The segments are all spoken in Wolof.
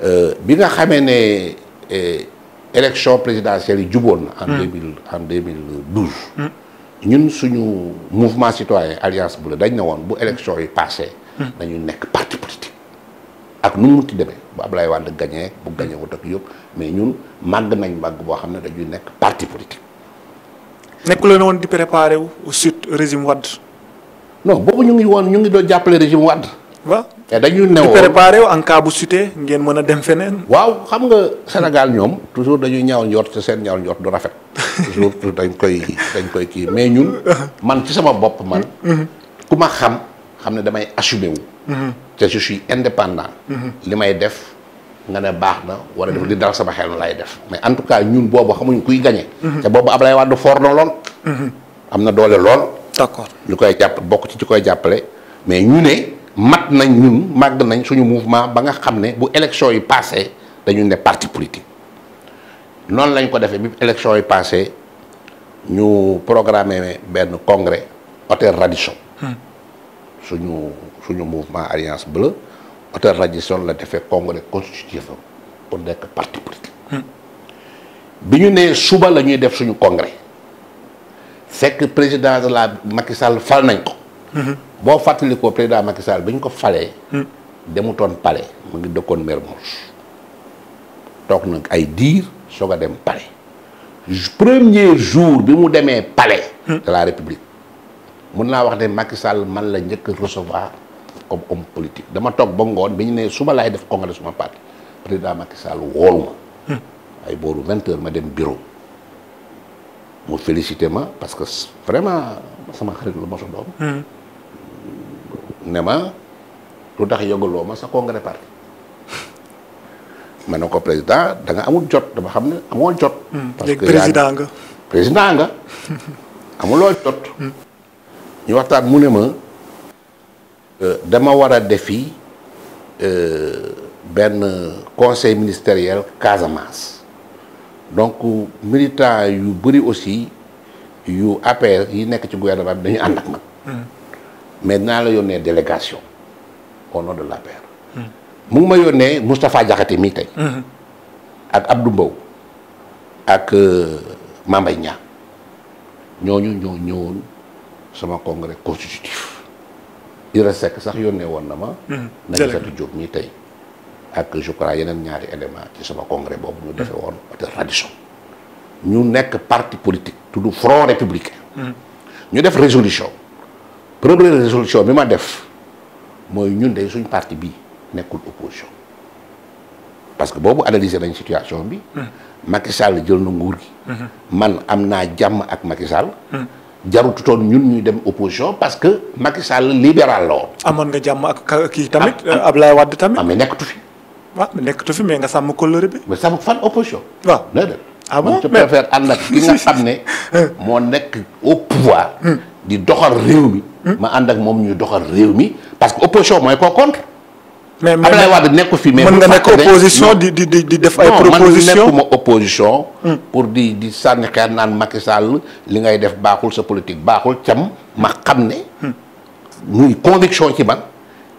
Euh, bi nga xamee ne euh, élection présidentielle yi juboon na. en hmm. deux mille en deux hmm. ñun suñu mouvement citoyen alliance bu la dañ na woon bu élection yi passé hmm. nañu nekk parti politique. ak nu mu munti demee bu Ablaye Wade gagné bu gagné wut ak mais ñun màgg nañ màgg boo xam ne dañuy nekk parti politique. nekku leen woon di préparer wu au sud régime Wade. non boobu ñu ngi woon ñu ngi doon jàppale régime Wade. waaw te dañu newoo préparé en cas bu sutee ngeen mën a dem feneen. waaw xam nga Sénégal ñoom toujours dañuy ñaaw njort te seen ñaaw njort du rafet. toujours dañ koy dañ koy kii mais ñun. man ci sama bopp man. ku ma xam xam ne damay assumé wu. te je suis indépendant. li may def nga ne baax na war a def li dal sama xel lay def mais en tout cas ñun boobu xamuñ kuy gagné. Mhm. te boobu Ablaye Wade fort na lool. Mhm. am na doole lool. d'accord bokk ci ci koy jàppale mais ñu mat nañ ñun mag nañ suñu mouvement ba nga xamné ne bu élection yi passé dañu né parti politique Non, lañ ko défé bi élection yi passé ñu programmé benn congrès hôtel Radisson hmm. suñu suñu mouvement Alliance bleu, hôtel Radisson la défé congrès constitutif pour nekk parti politique hmm. biñu né suba lañuy def suñu congrès fekk président de la Macky Sall fal nañ ko hmm. Si le président Macky Sall bi il fait, ton palais ngi a ay premier jour palais. Hmm. de la république je naa wax Macky man la recevoir comme homme politique dama suis ba ngoon bi ñu suba laay def congrès parti président Macky Sall hmm. bureau ma parce que vraiment sama xarit le de Nema ma lu tax yëgaloo ma sa congrès parti ma ne ko président da nga amul jot dama xam ne jot. Hmm, parce que président nga. président nga jot. Hmm. ñu waxtaan mu ne ma euh, dama defi euh, ben conseil ministériel Casamance donc militant yu bëri aussi yu APR yi nekk ci gouvernement dañu ànd ak mais dinaa la yónnee délégation au nom de l'APR. Hmm. mu ngi ma yónnee Moustapha Diakhaté mii tey. Hmm. ak Abdou Mbow. ak euh, Mambay Niang ñooñu ñoo ñëwoon sama congrès constitutif. Ira Seck sax yónnee woon na ma. Hmm. nañu fekk Diop mii tey. ak je crois yeneen ñaari élément ci sama congrès boobu ñu defee woon hôtel Radisson. ñu nekk parti politique tudd Front républicain. ñu def résolution. première résolution bi ma def mooy ñun day suñ parti bi nekkul opposition parce que boobu analyser nañ situation bi. Hmm. Macky Sall jël na nguur gi. Hmm. man am naa ak Macky Sall. Hmm. jarututoon ñun ñuy dem opposition parce que Macky Sall libéral la woon. amoon nga jàmm ak kii tamit. Ah, ah. Ablaye Wade tamit. ah mais nekkatu fi. waaw ah, nekkatu fi mais nga sàmm kóllëre bi. mais sàmm fan opposition. waaw ah bon je préfère ànd ak nga xam ne. moo au pouvoir. di doxal réew mi. ma ànd ak moom ñuy doxal réew mi parce que opposition mooy koo contre. mais mais Abdoulaye Wade nekku fi di di def ay. proposition non man nekkuma opposition. Hmm. pour di di sànni xeer naan Macky Sall li ngay def baaxul sa politique baaxul cam ma xam ne. Hmm. muy conviction ci man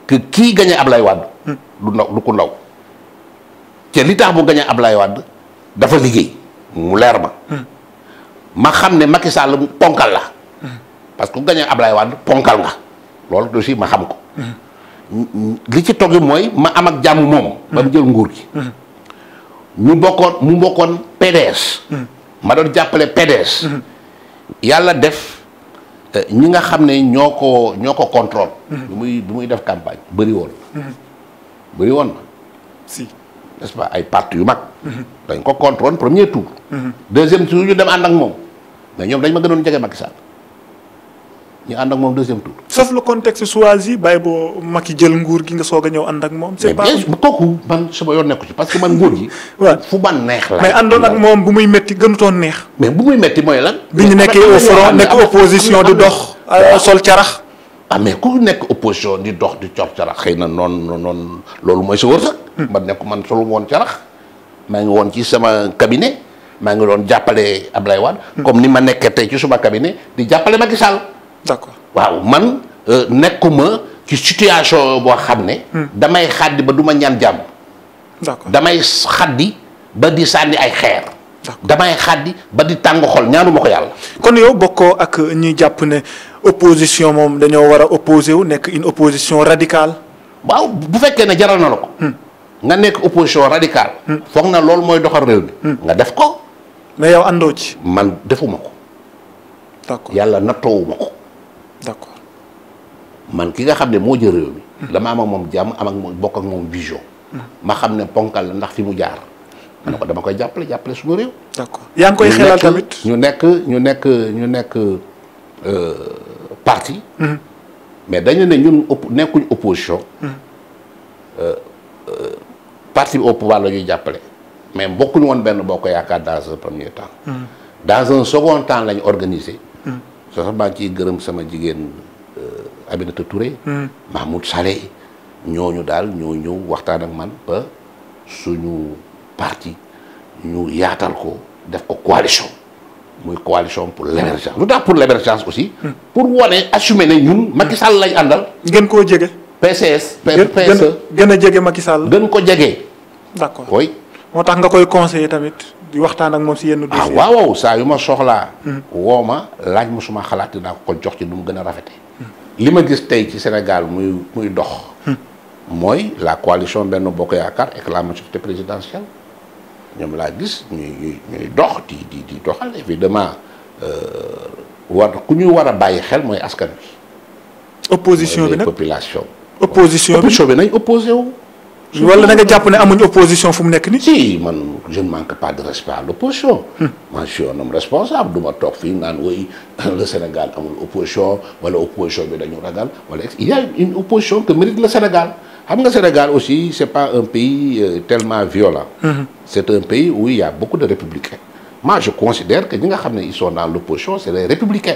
que kii gagné Abdoulaye Wade. Hmm. du ndaw du ko ndaw. te li tax mu gagné Abdoulaye Wade dafa liggéey mu leer ma. ma xam ne Macky Sall ponkal la. parce que gagné Ablaye Wade ponkal nga loolu aussi ma xam ko li ci togg mooy ma am ak jàmm moom ba mu jël nguur gi ñu bokkoon mu bokkoon PDS ma doon jàppale PDS yàlla def euh, ñi nga xam contrôle muy muy def campagne si n'est-ce pas ay parti yu mag mhm. dañ ko contrôle premier tour mhm. deuxième tour ñu dem ànd ak moom mais dañ ma Macky Sall ñu ànd ak moom deuxième tour. sauf le contexte choisi bàyyi boo Macky jël nguur gi nga soog a ñëw ak moom. c'est pas bu kooku man sama yoon nekku ci parce que man nguur gi. fu ban neex la. mais àndoon ak moom bu muy metti gënutoon neex. mais bu muy metti mooy lan. bi ñu au front nekk opposition di dox. Euh, sol carax. ah mais ku nekk opposition di dox di cor carax xëy non non non loolu mooy sa wërsëg. Hmm. man nekk man solu woon carax maa ngi woon ci sama cabinet maa ngi doon jàppale Ablaye Wade. Hmm. comme ni ma nekkee tey ci suma cabinet di jàppale Macky Sall. d'accord waaw man euh, nekkuma ci situation boo xam ne. Hmm. damay xaddi ba du ma ñaan jàmm. d'accord damay xaddi ba di sànni ay xeer. damay xaddi ba di tàng xol ñaanuma ko yàlla. kon yow bokkoo ak ñuy jàpp ne opposition moom dañoo war a opposé wu nekk une opposition radicale. waaw bu fekkee ne jaral na la ko. Hmm. nga nekk opposition radicale. Hmm. foog na loolu mooy doxal réew mi. nga def ko. mais yow àndoo ci. man defuma ko. d'accord yàlla nattoowuma ko. d'accord man ki nga xam ne moo jël réew mi. dama am moom jàmm am moom bokk ak moom vision. Hmm. ma xam ne ponkal la ndax fi mu jaar. ma ne ko dama koy jàppale jàppale suma réew. d'accord yaa ngi koy xelal tamit ñu nekk ñu nekk ñu nekk euh, parti. Hmm. mais dañu ne ñun op nekkuñ opposition. Hmm. Euh, euh, parti bi au pouvoir la jàppale. mais bokkuñu woon benn boo ko yaakaar dans un premier temps. dans un second temps lañ organisé. sax maa ciy gërëm sama jigéen eh, Aminata Touré. Hmm. Mahmoud Saleh nyonyo dal ñoo ñëw waxtaan ak man ba suñu parti ñu yaatal ko def ko coalition muy coalition pour l'émergence lu tax pour l'émergence aussi. Hmm. pour wane assumer ne ñun. Macky Sall lay andal gën ko jege. PCS. PSE gën a Macky Sall. gën ko jege. d'accord oui. moo tax nga koy conseiller tamit. di waxtaan ak mom si yenn dossier ah, waaw waaw sa yuma soxla soxlaa. Hmm. woo ma laaj ma suma xalaat dinaa ko jox ci nu gëna gën hmm. lima gis tay ci Sénégal muy muy dox. moy hmm. la coalition Benno Bokk Yaakaar ak la majorité présidentielle ñoom laa gis ñuy ñuy dox di di di doxal évidemment euh, war ku ñu wara a xel moy askan wi. opposition bi nak population. opposition bi opposition bi nañ opposé wu opposition je ne manque pas de respect à l'opposition. Hmm. je suis un homme responsable je ma le Sénégal a une opposition il y a une opposition que mérite le Sénégal le Sénégal aussi n'est pas un pays euh, tellement violent. Hmm. c'est un pays où il y a beaucoup de républicains. moi je considère que les nga sont dans l'opposition c'est les républicains.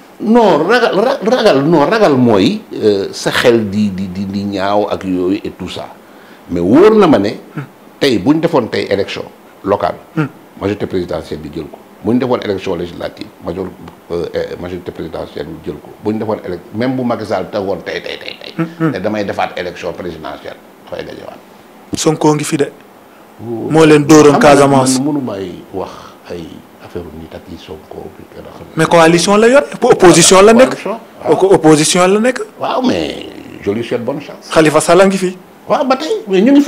non ragal ragal no ragal mooy euh, sa xel di di di ñaaw ak yooyu et tout ça mais wóor na ma ne. tey bu ñu defoon tey élection locale. majorité présidentielle bi jël ko bu ñu defoon élection législative major euh, euh, majorité présidentielle bi jël ko bu ñu defoon élec même bu Macky Sall tey tey tey tey. damay defaat élection présidentielle dafay dajewaat. Sonko ngi fi de. moo leen dóoroon Casamance mënu may wax ay. mais coalition la opposition la ah. opposition la mais je lui souhaite bonne chance. Khalifa Sall ngi mais nous